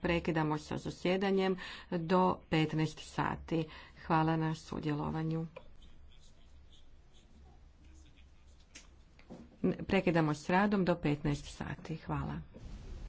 Prekidamo sa zasjedanjem do 15 sati. Hvala na sudjelovanju. Prekidamo s radom do 15 sati. Hvala.